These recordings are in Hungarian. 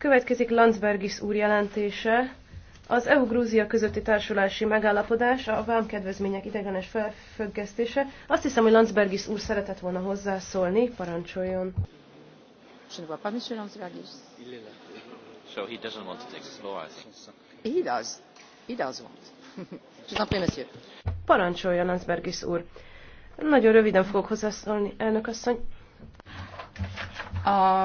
Következik Landsbergis úr jelentése. Az EU-Grúzia közötti társulási megállapodás, a vámkedvezmények idegenes felfüggesztése. Azt hiszem, hogy Landsbergis úr szeretett volna hozzászólni. Parancsoljon. Je ne vois pas Monsieur Landsbergis. So he doesn't want to take the floor, I think. He does. He does want. Je vous en prie, monsieur. Parancsoljon, Landsbergis úr. Nagyon röviden fogok hozzászólni, elnök asszony. A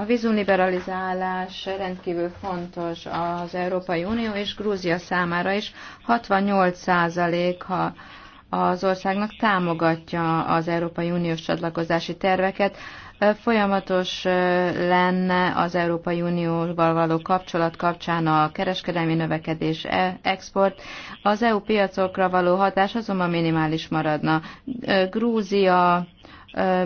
a vízumliberalizálás rendkívül fontos az Európai Unió és Grúzia számára is. 68%-ha az országnak támogatja az Európai Uniós csatlakozási terveket. Folyamatos lenne az Európai Unióval való kapcsolat kapcsán a kereskedelmi növekedés e, export. Az EU piacokra való hatás azonban minimális maradna. Grúzia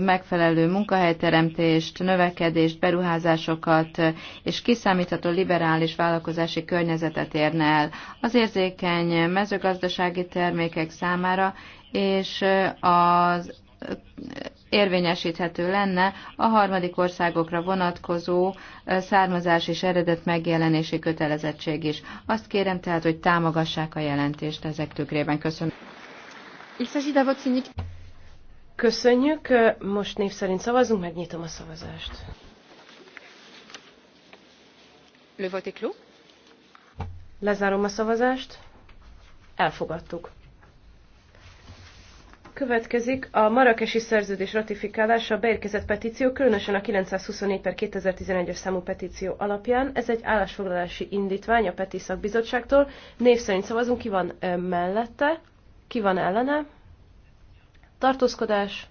megfelelő munkahelyteremtést, növekedést, beruházásokat és kiszámítható liberális vállalkozási környezetet érne el az érzékeny mezőgazdasági termékek számára, és az érvényesíthető lenne a harmadik országokra vonatkozó származás és eredet megjelenési kötelezettség is. Azt kérem tehát, hogy támogassák a jelentést ezek tükrében. Köszönöm. Köszönjük. Most név szerint szavazunk, megnyitom a szavazást. Le vote est clos. Lezárom a szavazást. Elfogadtuk. Következik a marakesi szerződés ratifikálása a beérkezett petíció, különösen a 924 per 2011-es számú petíció alapján. Ez egy állásfoglalási indítvány a Peti Szakbizottságtól. Név szerint szavazunk, ki van mellette, ki van ellene tartózkodás,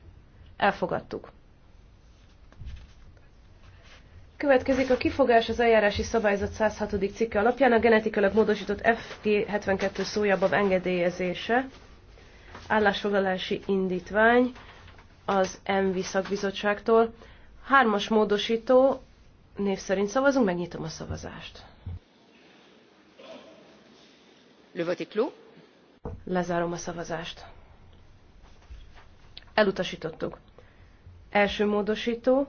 elfogadtuk. Következik a kifogás az eljárási szabályzat 106. cikke alapján a genetikailag módosított FG72 szójabav engedélyezése, állásfoglalási indítvány az MV szakbizottságtól. Hármas módosító, név szerint szavazunk, megnyitom a szavazást. Le vote est clos. Lezárom a szavazást. Elutasítottuk. Első módosító.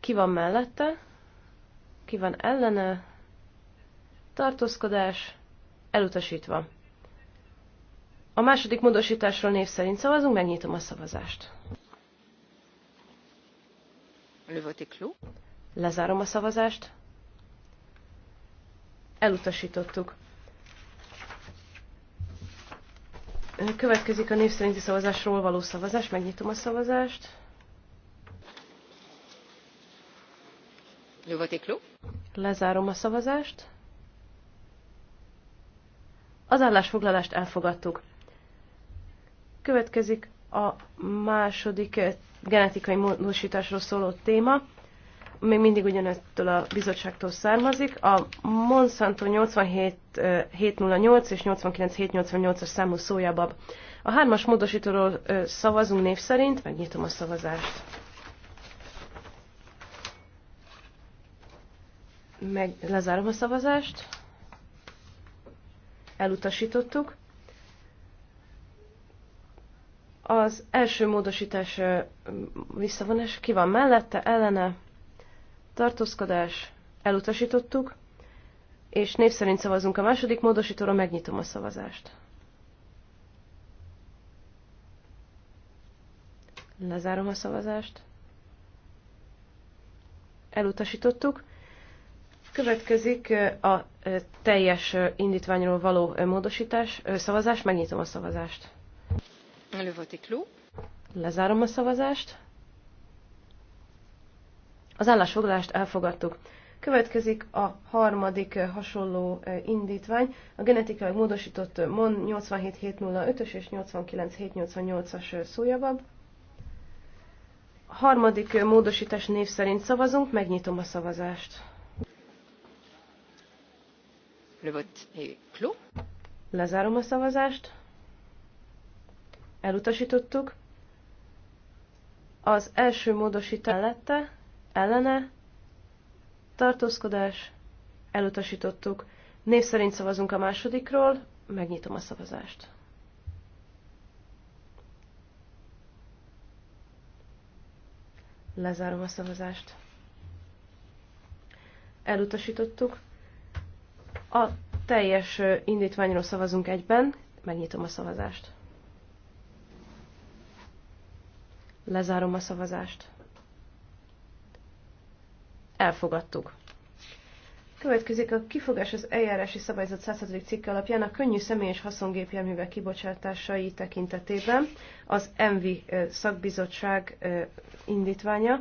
Ki van mellette? Ki van ellene? Tartózkodás. Elutasítva. A második módosításról név szerint szavazunk, megnyitom a szavazást. Lezárom a szavazást. Elutasítottuk. Következik a név szerinti szavazásról való szavazás. Megnyitom a szavazást. Lezárom a szavazást. Az állásfoglalást elfogadtuk. Következik a második eh, genetikai módosításról szóló téma még mindig ugyanettől a bizottságtól származik. A Monsanto 87708 és 89788-as számú szójabab. A hármas módosítóról szavazunk név szerint, megnyitom a szavazást. Meg lezárom a szavazást. Elutasítottuk. Az első módosítás visszavonás ki van mellette, ellene, tartózkodás, elutasítottuk, és név szerint szavazunk a második módosítóra, megnyitom a szavazást. Lezárom a szavazást. Elutasítottuk. Következik a teljes indítványról való módosítás, szavazás, megnyitom a szavazást. Lezárom a szavazást. Az állásfoglalást elfogadtuk. Következik a harmadik eh, hasonló eh, indítvány, a genetikailag módosított eh, MON 87705-ös és 89788-as szójavab. Harmadik módosítás név szerint szavazunk, megnyitom a szavazást. Le vote Lezárom a szavazást. Elutasítottuk. Az első módosítás lette ellene, tartózkodás, elutasítottuk. Név szerint szavazunk a másodikról, megnyitom a szavazást. Lezárom a szavazást. Elutasítottuk. A teljes indítványról szavazunk egyben, megnyitom a szavazást. Lezárom a szavazást. Elfogadtuk. Következik a kifogás az eljárási szabályzat 106. cikke alapján a könnyű személyes haszongépjárművek kibocsátásai tekintetében az ENVI szakbizottság indítványa.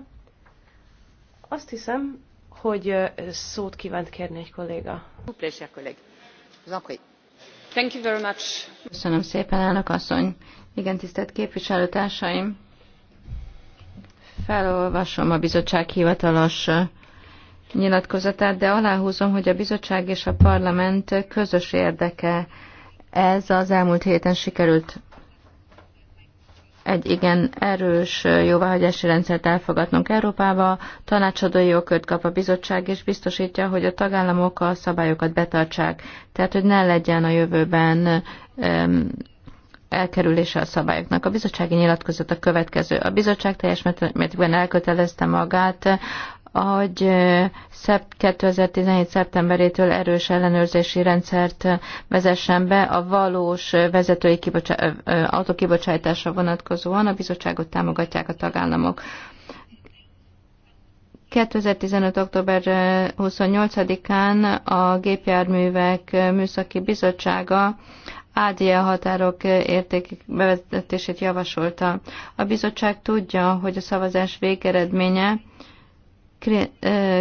Azt hiszem, hogy szót kívánt kérni egy kolléga. Köszönöm szépen, elnök asszony. Igen, tisztelt képviselőtársaim. Felolvasom a bizottság hivatalos nyilatkozatát, de aláhúzom, hogy a bizottság és a parlament közös érdeke ez az elmúlt héten sikerült egy igen erős jóváhagyási rendszert elfogadnunk Európába, tanácsadói jogkört kap a bizottság, és biztosítja, hogy a tagállamok a szabályokat betartsák, tehát hogy ne legyen a jövőben um, elkerülése a szabályoknak. A bizottsági nyilatkozat a következő. A bizottság teljes mértékben elkötelezte magát hogy 2017. szeptemberétől erős ellenőrzési rendszert vezessen be a valós vezetői kibocsá- autókibocsátásra vonatkozóan. A bizottságot támogatják a tagállamok. 2015. október 28-án a Gépjárművek Műszaki Bizottsága ADL határok értékek bevezetését javasolta. A bizottság tudja, hogy a szavazás végeredménye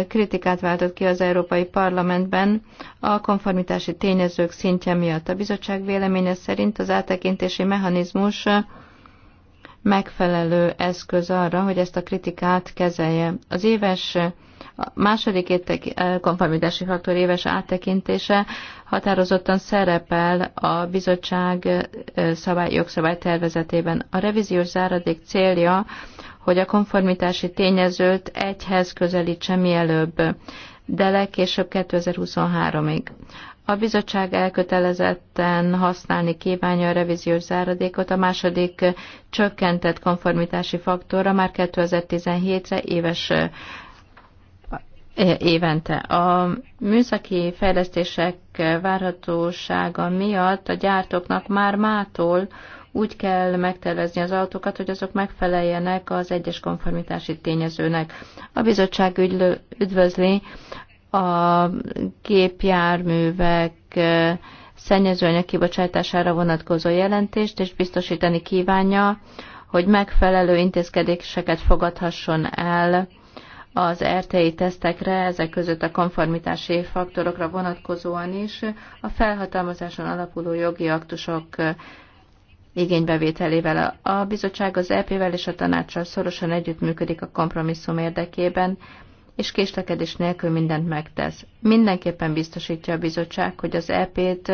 kritikát váltott ki az Európai Parlamentben a konformitási tényezők szintje miatt. A bizottság véleménye szerint az áttekintési mechanizmus megfelelő eszköz arra, hogy ezt a kritikát kezelje. Az éves a második konformitási faktor éves áttekintése határozottan szerepel a bizottság szabály, jogszabály tervezetében. A revíziós záradék célja hogy a konformitási tényezőt egyhez közelítse mielőbb, de legkésőbb 2023-ig. A bizottság elkötelezetten használni kívánja a revíziós záradékot a második csökkentett konformitási faktorra már 2017-re éves eh, évente. A műszaki fejlesztések várhatósága miatt a gyártóknak már mától úgy kell megtervezni az autókat, hogy azok megfeleljenek az egyes konformitási tényezőnek. A bizottság ügylő, üdvözli a gépjárművek szennyezőanyag kibocsátására vonatkozó jelentést, és biztosítani kívánja, hogy megfelelő intézkedéseket fogadhasson el az RTI tesztekre, ezek között a konformitási faktorokra vonatkozóan is a felhatalmazáson alapuló jogi aktusok igénybevételével. A bizottság az EP-vel és a tanácssal szorosan együttműködik a kompromisszum érdekében, és késlekedés nélkül mindent megtesz. Mindenképpen biztosítja a bizottság, hogy az EP-t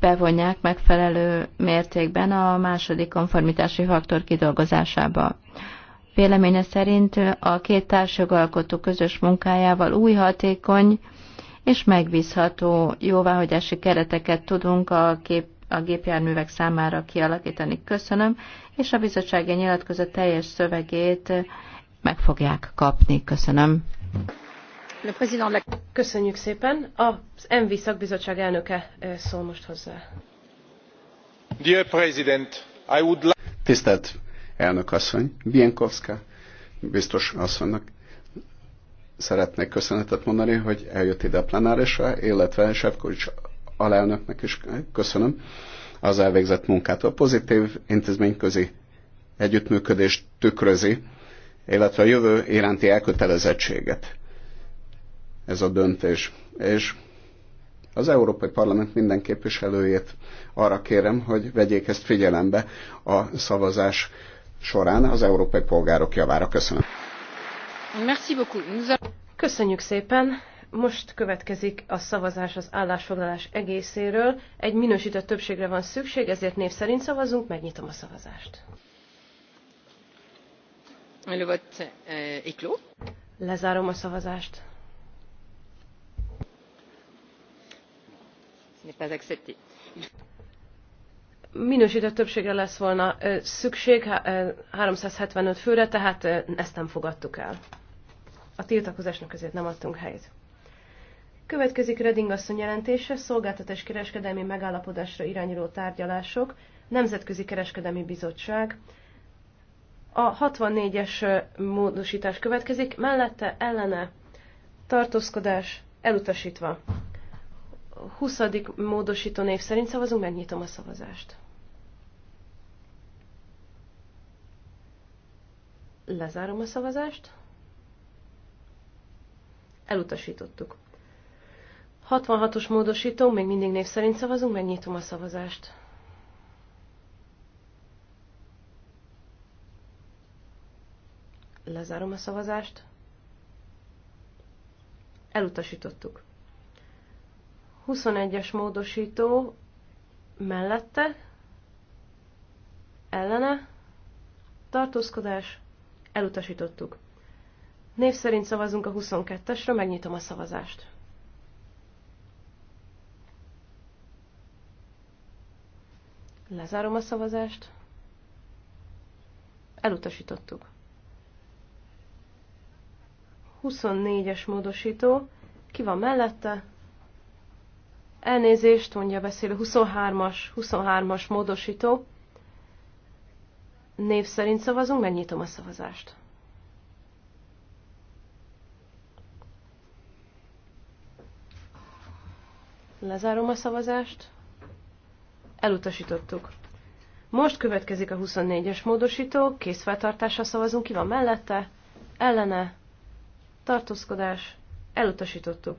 bevonják megfelelő mértékben a második konformitási faktor kidolgozásába. Véleménye szerint a két társjogalkotó közös munkájával új hatékony és megbízható jóváhagyási kereteket tudunk a kép a gépjárművek számára kialakítani. Köszönöm, és a bizottsági nyilatkozat teljes szövegét meg fogják kapni. Köszönöm. Köszönjük szépen. Az MV szakbizottság elnöke szól most hozzá. Dear President, I would like... Tisztelt elnök asszony, Bienkowska, biztos asszonynak szeretnék köszönetet mondani, hogy eljött ide a plenárisra, illetve Sefkovics alelnöknek is köszönöm az elvégzett munkát. A pozitív intézményközi együttműködést tükrözi, illetve a jövő iránti elkötelezettséget ez a döntés. És az Európai Parlament minden képviselőjét arra kérem, hogy vegyék ezt figyelembe a szavazás során az európai polgárok javára. Köszönöm. Köszönjük szépen. Most következik a szavazás az állásfoglalás egészéről. Egy minősített többségre van szükség, ezért név szerint szavazunk, megnyitom a szavazást. Le vote Lezárom a szavazást. Minősített többségre lesz volna szükség, 375 főre, tehát ezt nem fogadtuk el. A tiltakozásnak ezért nem adtunk helyet. Következik Reding asszony jelentése, szolgáltatás kereskedelmi megállapodásra irányuló tárgyalások, Nemzetközi Kereskedelmi Bizottság. A 64-es módosítás következik, mellette ellene tartózkodás elutasítva. 20. módosító név szerint szavazunk, megnyitom a szavazást. Lezárom a szavazást. Elutasítottuk. 66-os módosító, még mindig név szerint szavazunk, megnyitom a szavazást. Lezárom a szavazást. Elutasítottuk. 21-es módosító mellette, ellene, tartózkodás, elutasítottuk. Név szerint szavazunk a 22 esre megnyitom a szavazást. Lezárom a szavazást. Elutasítottuk. 24-es módosító. Ki van mellette? Elnézést, mondja beszélő 23-as, 23-as módosító. Név szerint szavazunk, megnyitom a szavazást. Lezárom a szavazást. Elutasítottuk. Most következik a 24-es módosító, készfeltartásra szavazunk, ki van mellette, ellene, tartózkodás, elutasítottuk.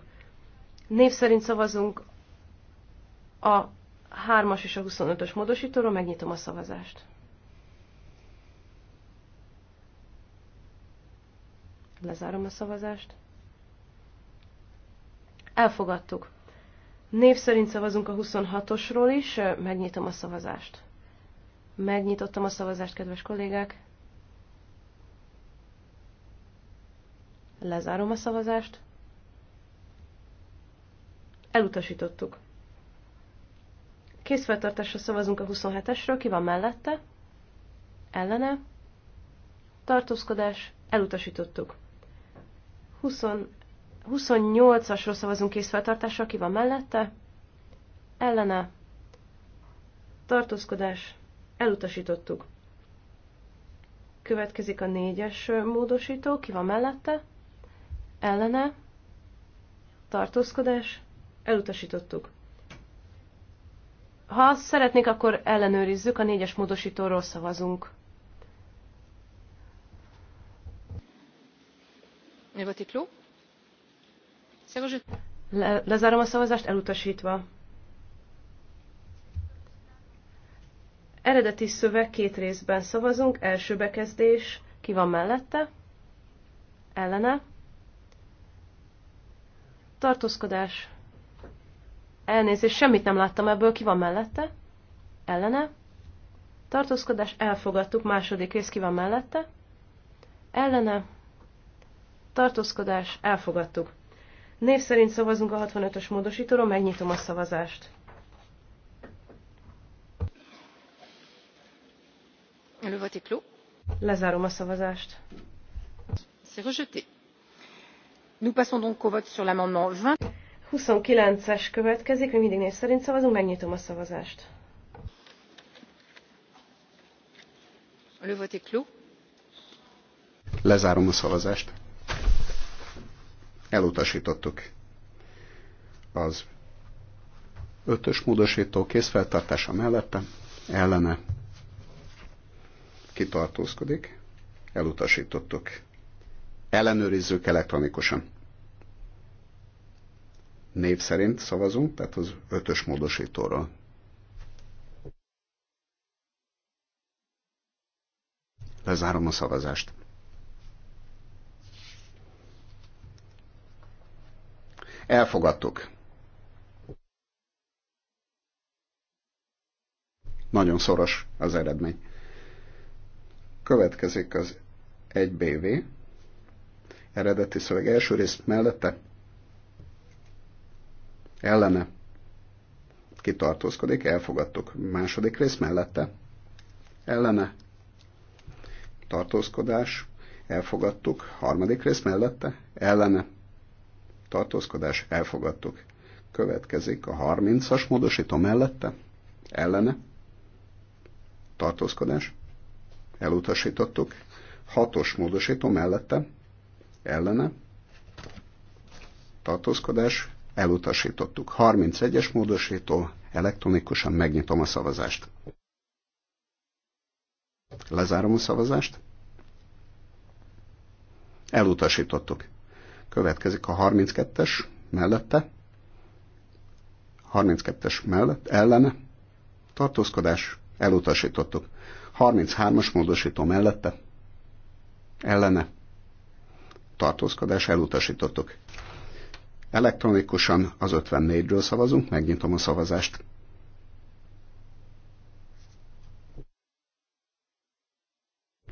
Név szerint szavazunk a 3-as és a 25-ös módosítóról, megnyitom a szavazást. Lezárom a szavazást. Elfogadtuk. Név szerint szavazunk a 26-osról is, megnyitom a szavazást. Megnyitottam a szavazást, kedves kollégák. Lezárom a szavazást. Elutasítottuk. Készfeltartásra szavazunk a 27-esről, ki van mellette? Ellene? Tartózkodás, elutasítottuk. 28-asról szavazunk készfeltartásra, aki van mellette? Ellene. Tartózkodás. Elutasítottuk. Következik a négyes módosító, ki van mellette? Ellene. Tartózkodás. Elutasítottuk. Ha azt szeretnék, akkor ellenőrizzük, a négyes módosítóról szavazunk. Le ló? lezárom a szavazást, elutasítva. Eredeti szöveg két részben szavazunk, első bekezdés, ki van mellette, ellene, tartózkodás, elnézés, semmit nem láttam ebből, ki van mellette, ellene, tartózkodás, elfogadtuk, második rész ki van mellette, ellene, tartózkodás, elfogadtuk. Név szerint szavazunk a 65-ös módosítóról, megnyitom a szavazást. Le vote est clos. Lezárom a szavazást. C'est rejeté. Nous passons donc au vote sur l'amendement 20. 29-es következik, mi mindig név szerint szavazunk, megnyitom a szavazást. Le vote est clos. Lezárom a szavazást. Elutasítottuk. Az ötös módosító készfeltartása mellette ellene kitartózkodik. Elutasítottuk. Ellenőrizzük elektronikusan. Név szerint szavazunk, tehát az ötös módosítóról. Lezárom a szavazást. Elfogadtuk. Nagyon szoros az eredmény. Következik az 1BV. Eredeti szöveg első rész mellette. Ellene. Kitartózkodik, elfogadtuk. Második rész mellette. Ellene. Tartózkodás, elfogadtuk. Harmadik rész mellette. Ellene tartózkodás, elfogadtuk. Következik a 30-as módosító mellette, ellene, tartózkodás, elutasítottuk. 6-os módosító mellette, ellene, tartózkodás, elutasítottuk. 31-es módosító, elektronikusan megnyitom a szavazást. Lezárom a szavazást. Elutasítottuk. Következik a 32-es mellette. 32-es mellett ellene. Tartózkodás elutasítottuk. 33-as módosító mellette. Ellene. Tartózkodás elutasítottuk. Elektronikusan az 54-ről szavazunk, megnyitom a szavazást.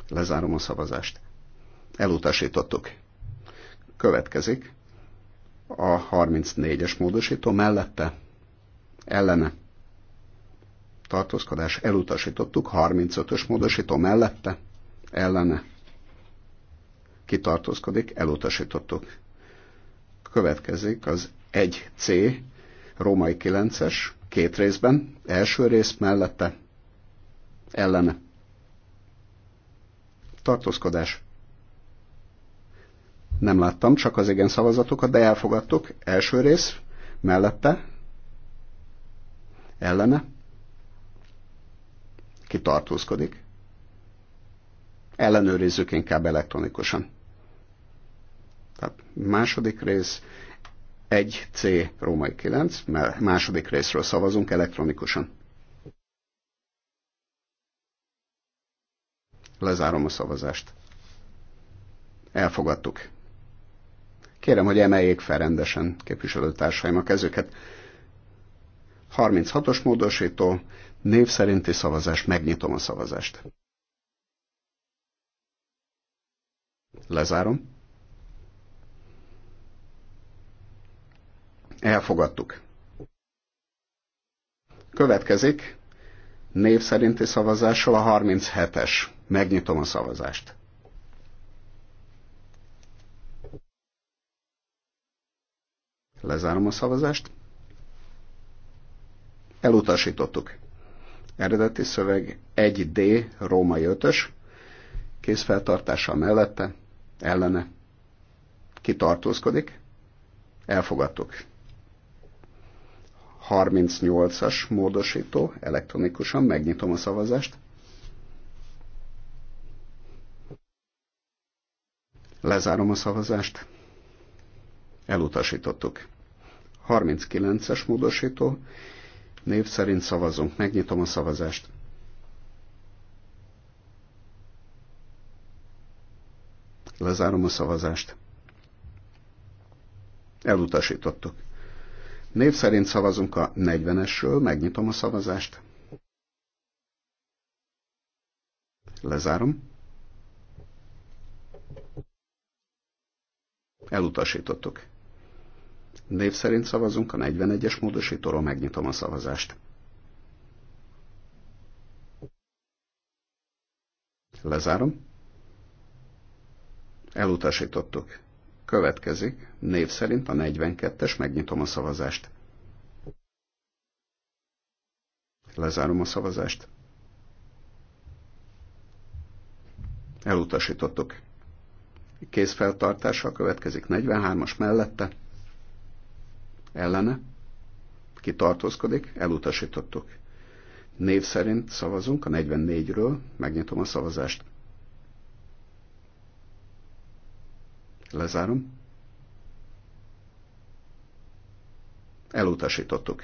Lezárom a szavazást. Elutasítottuk. Következik a 34-es módosító mellette ellene tartózkodás elutasítottuk, 35-ös módosító mellette ellene kitartózkodik, elutasítottuk. Következik az 1C, római 9-es, két részben, első rész mellette ellene tartózkodás nem láttam, csak az igen szavazatokat, de elfogadtok. Első rész, mellette, ellene, ki tartózkodik. Ellenőrizzük inkább elektronikusan. Tehát második rész, 1C római 9, mert második részről szavazunk elektronikusan. Lezárom a szavazást. Elfogadtuk. Kérem, hogy emeljék fel rendesen képviselőtársaim a kezüket. 36-os módosító, név szerinti szavazás, megnyitom a szavazást. Lezárom. Elfogadtuk. Következik név szerinti szavazással a 37-es. Megnyitom a szavazást. Lezárom a szavazást. Elutasítottuk. Eredeti szöveg 1D, római 5-ös, kézfeltartása mellette, ellene. Kitartózkodik. Elfogadtuk. 38-as módosító, elektronikusan megnyitom a szavazást. Lezárom a szavazást. Elutasítottuk. 39-es módosító. Név szerint szavazunk. Megnyitom a szavazást. Lezárom a szavazást. Elutasítottuk. Név szerint szavazunk a 40-esről, megnyitom a szavazást. Lezárom. Elutasítottuk. Név szerint szavazunk a 41-es módosítóról, megnyitom a szavazást. Lezárom. Elutasítottuk. Következik, név szerint a 42-es, megnyitom a szavazást. Lezárom a szavazást. Elutasítottuk. Kézfeltartással következik 43-as mellette, ellene, ki tartózkodik, elutasítottuk. Név szerint szavazunk a 44-ről, megnyitom a szavazást. Lezárom. Elutasítottuk.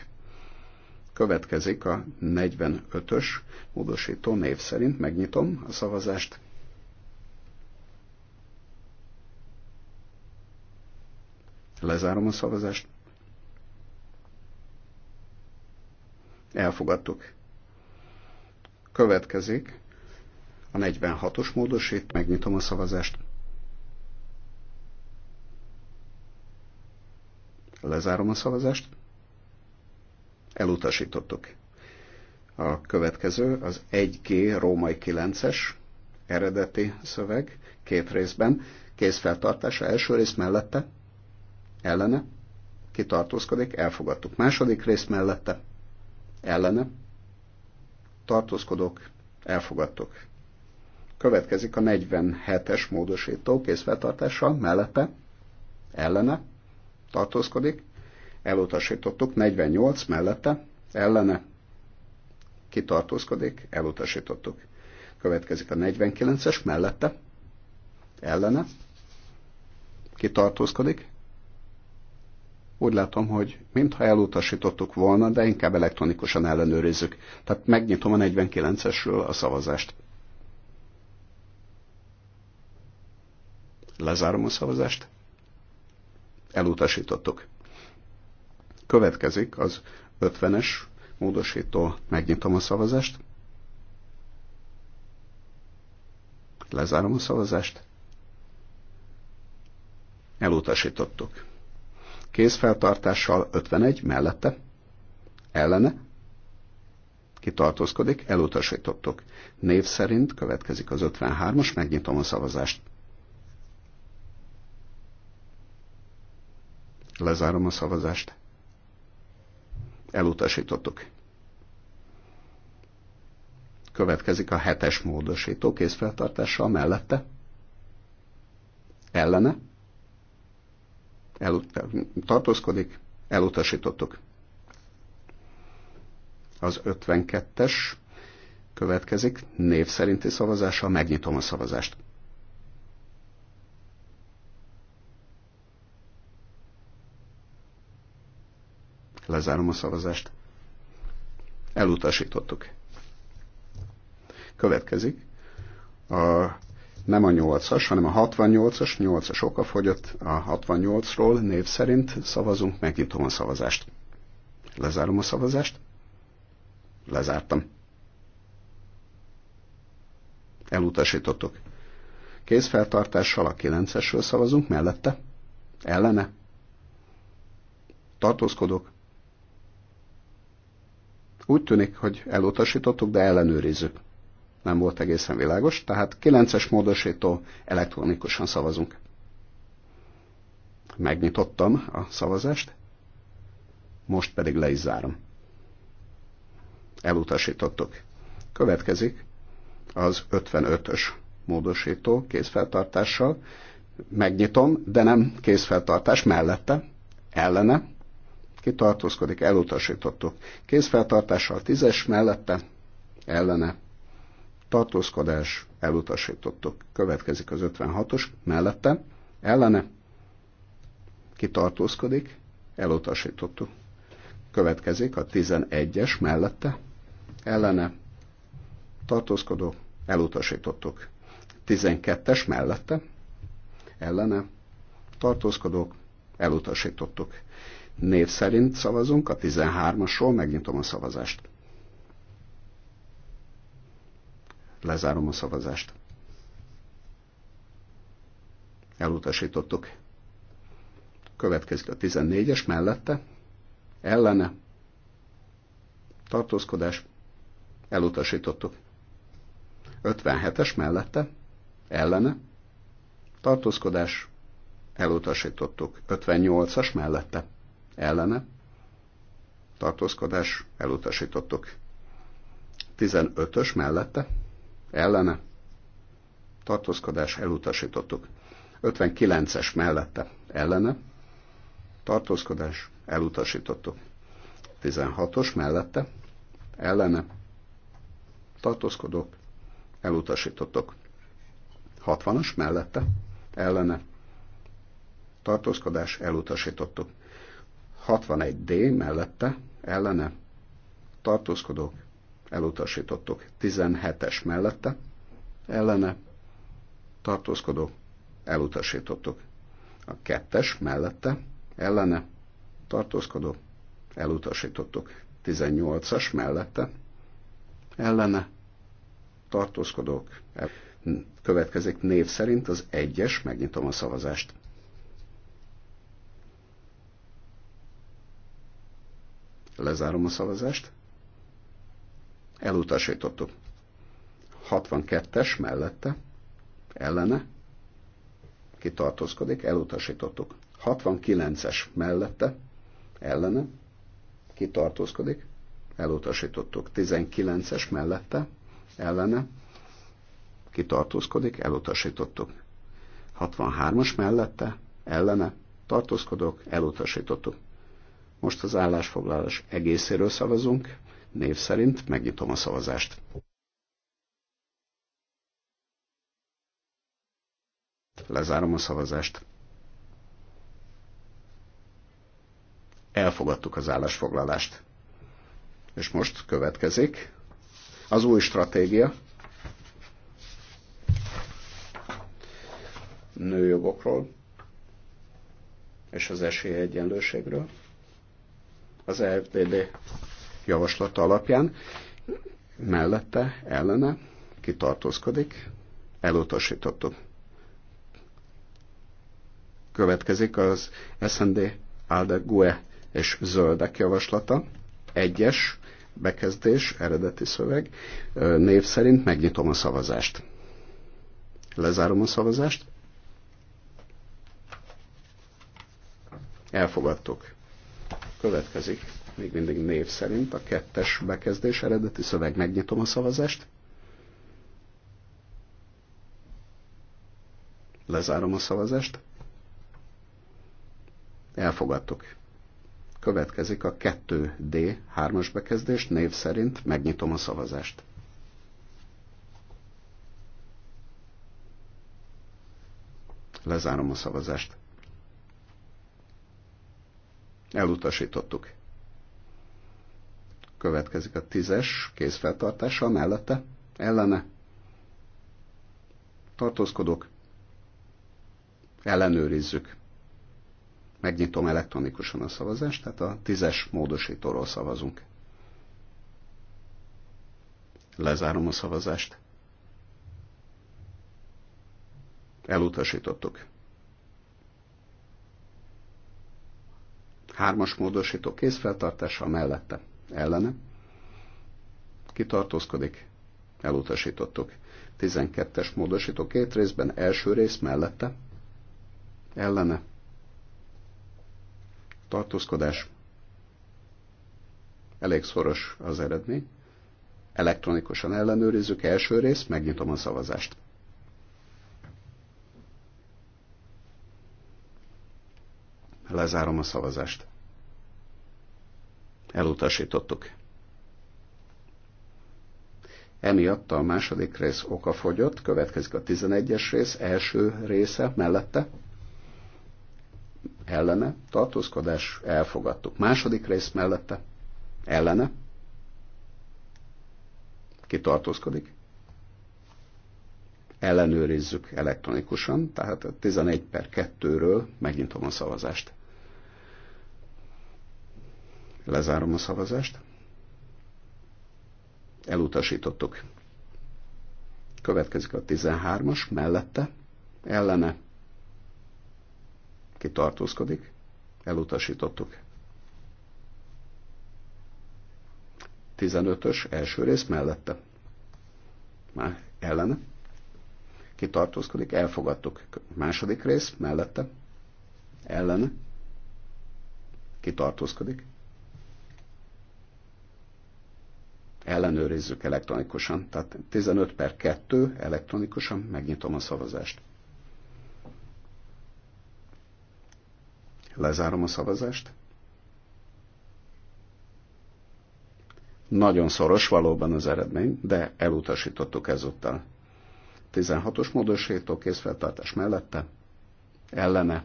Következik a 45-ös módosító név szerint, megnyitom a szavazást. Lezárom a szavazást. Elfogadtuk. Következik a 46-os módosít, megnyitom a szavazást. Lezárom a szavazást. Elutasítottuk. A következő az 1G római 9-es eredeti szöveg két részben. Kézfeltartása első rész mellette, ellene, kitartózkodik, elfogadtuk. Második rész mellette, ellene, tartózkodok, elfogadtok. Következik a 47-es módosító készfeltartással, mellette, ellene, tartózkodik, elutasítottuk, 48 mellette, ellene, kitartózkodik, elutasítottuk. Következik a 49-es mellette, ellene, kitartózkodik, úgy látom, hogy mintha elutasítottuk volna, de inkább elektronikusan ellenőrizzük. Tehát megnyitom a 49-esről a szavazást. Lezárom a szavazást. Elutasítottuk. Következik az 50-es módosító. Megnyitom a szavazást. Lezárom a szavazást. Elutasítottuk kézfeltartással 51 mellette, ellene, kitartózkodik, elutasítottuk. Név szerint következik az 53-as, megnyitom a szavazást. Lezárom a szavazást. Elutasítottuk. Következik a hetes módosító kézfeltartással mellette. Ellene el, tartózkodik, elutasítottuk. Az 52-es következik, név szerinti szavazással megnyitom a szavazást. Lezárom a szavazást. Elutasítottuk. Következik a nem a 8-as, hanem a 68-as, 8-as okafogyott, a 68-ról név szerint szavazunk, megnyitom a szavazást. Lezárom a szavazást. Lezártam. Elutasítottuk. Kézfeltartással a 9-esről szavazunk, mellette, ellene, tartózkodok. Úgy tűnik, hogy elutasítottuk, de ellenőrizzük nem volt egészen világos, tehát 9-es módosító, elektronikusan szavazunk. Megnyitottam a szavazást, most pedig le is zárom. Elutasítottuk. Következik az 55-ös módosító kézfeltartással. Megnyitom, de nem kézfeltartás mellette, ellene, kitartózkodik, elutasítottuk. Kézfeltartással es mellette, ellene, tartózkodás, elutasítottok. Következik az 56-os, mellette, ellene, kitartózkodik, elutasítottuk. Következik a 11-es, mellette, ellene, tartózkodó, elutasítottuk. 12-es mellette, ellene, tartózkodók, elutasítottuk. Név szerint szavazunk, a 13-asról megnyitom a szavazást. Lezárom a szavazást. Elutasítottuk. Következik a 14-es mellette. Ellene. Tartózkodás. Elutasítottuk. 57-es mellette. Ellene. Tartózkodás. Elutasítottuk. 58-as mellette. Ellene. Tartózkodás. Elutasítottuk. 15-ös mellette ellene, tartózkodás elutasítottuk. 59-es mellette ellene, tartózkodás elutasítottuk. 16-os mellette ellene, tartózkodók elutasítottuk. 60-as mellette ellene, tartózkodás elutasítottuk. 61D mellette ellene, tartózkodók elutasítottuk. 17-es mellette, ellene tartózkodó elutasítottuk. A kettes mellette, ellene tartózkodó elutasítottuk. 18-as mellette, ellene tartózkodók. Következik név szerint az egyes, megnyitom a szavazást. Lezárom a szavazást. Elutasítottuk. 62-es mellette, ellene, kitartózkodik, elutasítottuk. 69-es mellette, ellene, kitartózkodik, elutasítottuk. 19-es mellette, ellene, kitartózkodik, elutasítottuk. 63-as mellette, ellene, tartózkodok, elutasítottuk. Most az állásfoglalás egészéről szavazunk név szerint. Megnyitom a szavazást. Lezárom a szavazást. Elfogadtuk az állásfoglalást. És most következik az új stratégia. Nőjogokról és az esélyegyenlőségről. Az FDD javaslata alapján, mellette, ellene kitartózkodik, elutasítottuk. Következik az SND, ALDE, GUE és zöldek javaslata. Egyes bekezdés, eredeti szöveg. Név szerint megnyitom a szavazást. Lezárom a szavazást. Elfogadtuk. Következik még mindig név szerint a kettes bekezdés eredeti szöveg. Megnyitom a szavazást. Lezárom a szavazást. Elfogadtuk. Következik a 2D hármas bekezdés, név szerint megnyitom a szavazást. Lezárom a szavazást. Elutasítottuk. Következik a tízes kézfeltartása mellette, ellene. Tartózkodok. Ellenőrizzük. Megnyitom elektronikusan a szavazást, tehát a tízes módosítóról szavazunk. Lezárom a szavazást. Elutasítottuk. Hármas módosító kézfeltartása mellette ellene, kitartózkodik, elutasítottuk. 12-es módosító két részben, első rész mellette, ellene, tartózkodás, elég szoros az eredmény, elektronikusan ellenőrizzük első rész, megnyitom a szavazást. Lezárom a szavazást elutasítottuk. Emiatt a második rész oka fogyott. következik a 11-es rész, első része mellette, ellene, tartózkodás, elfogadtuk. Második rész mellette, ellene, ki tartózkodik, ellenőrizzük elektronikusan, tehát a 11 per 2-ről megnyitom a szavazást. Lezárom a szavazást. Elutasítottuk. Következik a 13-as, mellette, ellene, ki tartózkodik, elutasítottuk. 15-ös első rész mellette. Már ellene. Ki tartózkodik, elfogadtuk. Második rész mellette. Ellene. Ki tartózkodik, ellenőrizzük elektronikusan. Tehát 15 per 2 elektronikusan megnyitom a szavazást. Lezárom a szavazást. Nagyon szoros valóban az eredmény, de elutasítottuk ezúttal. 16-os módosító készfeltartás mellette, ellene,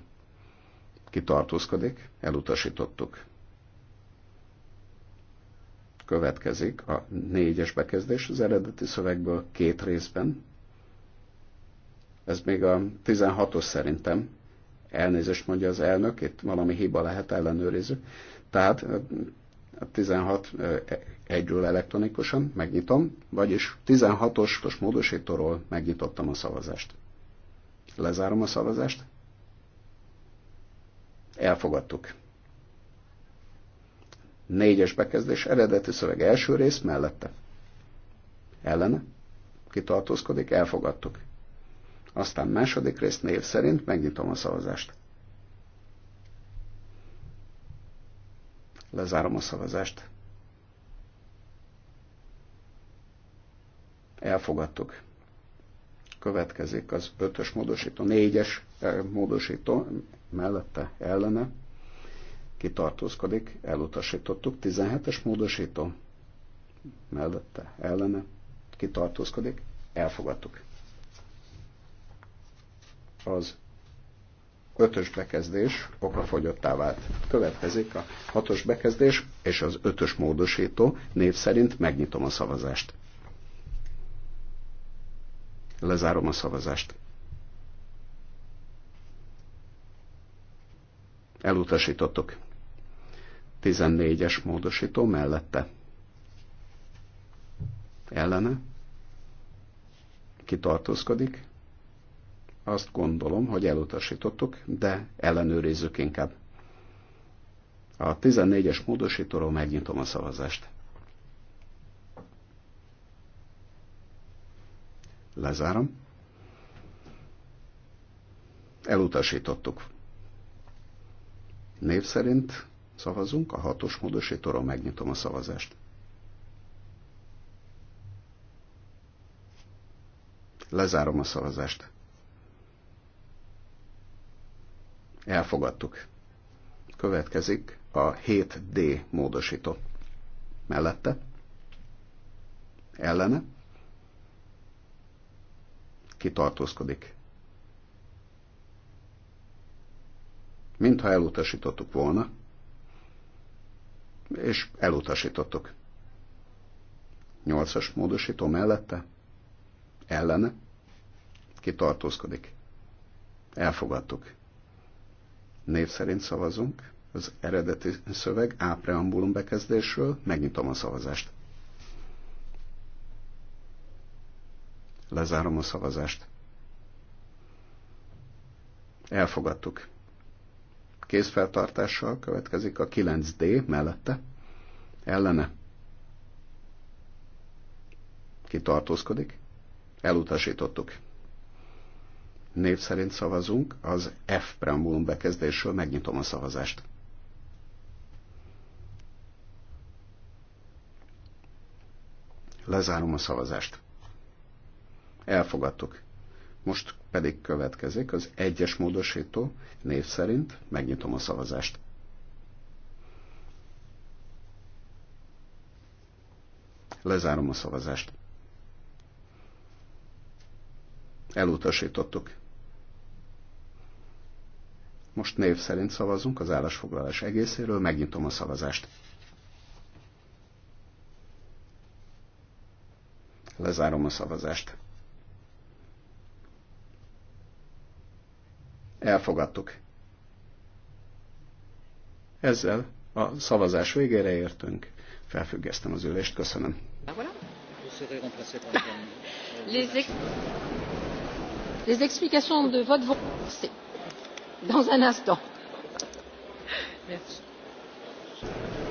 kitartózkodik, elutasítottuk. Következik a négyes bekezdés az eredeti szövegből két részben. Ez még a 16-os szerintem. Elnézést mondja az elnök, itt valami hiba lehet ellenőrizni. Tehát a 16 e, egyről elektronikusan megnyitom, vagyis 16-os módosítóról megnyitottam a szavazást. Lezárom a szavazást. Elfogadtuk. Négyes bekezdés eredeti szöveg első rész mellette. Ellene. Kitartózkodik, elfogadtuk. Aztán második rész név szerint megnyitom a szavazást. Lezárom a szavazást. Elfogadtuk. Következik az ötös módosító, négyes eh, módosító mellette, ellene kitartózkodik, elutasítottuk. 17-es módosító mellette, ellene kitartózkodik, elfogadtuk. Az ötös bekezdés okafogyottá vált. Következik a hatos bekezdés és az ötös módosító. Név szerint megnyitom a szavazást. Lezárom a szavazást. Elutasítottuk. 14-es módosító mellette. Ellene? Kitartózkodik? Azt gondolom, hogy elutasítottuk, de ellenőrizzük inkább. A 14-es módosítóról megnyitom a szavazást. Lezárom. Elutasítottuk. Név szerint Szavazunk a hatos módosítóról, megnyitom a szavazást. Lezárom a szavazást. Elfogadtuk. Következik a 7D módosító. Mellette? Ellene? Kitartózkodik. Mintha elutasítottuk volna, és elutasítottuk. Nyolcas módosító mellette, ellene, kitartózkodik. Elfogadtuk. Név szerint szavazunk az eredeti szöveg A preambulum bekezdésről, megnyitom a szavazást. Lezárom a szavazást. Elfogadtuk kézfeltartással következik a 9D mellette, ellene kitartózkodik, elutasítottuk. Név szerint szavazunk, az F preambulum bekezdésről megnyitom a szavazást. Lezárom a szavazást. Elfogadtuk. Most pedig következik az egyes módosító név szerint. Megnyitom a szavazást. Lezárom a szavazást. Elutasítottuk. Most név szerint szavazunk az állásfoglalás egészéről, megnyitom a szavazást. Lezárom a szavazást. Elfogadtuk. Ezzel a szavazás végére értünk. Felfüggesztem az ülést. Köszönöm. Les explications de vote vont commencer dans un instant. Merci.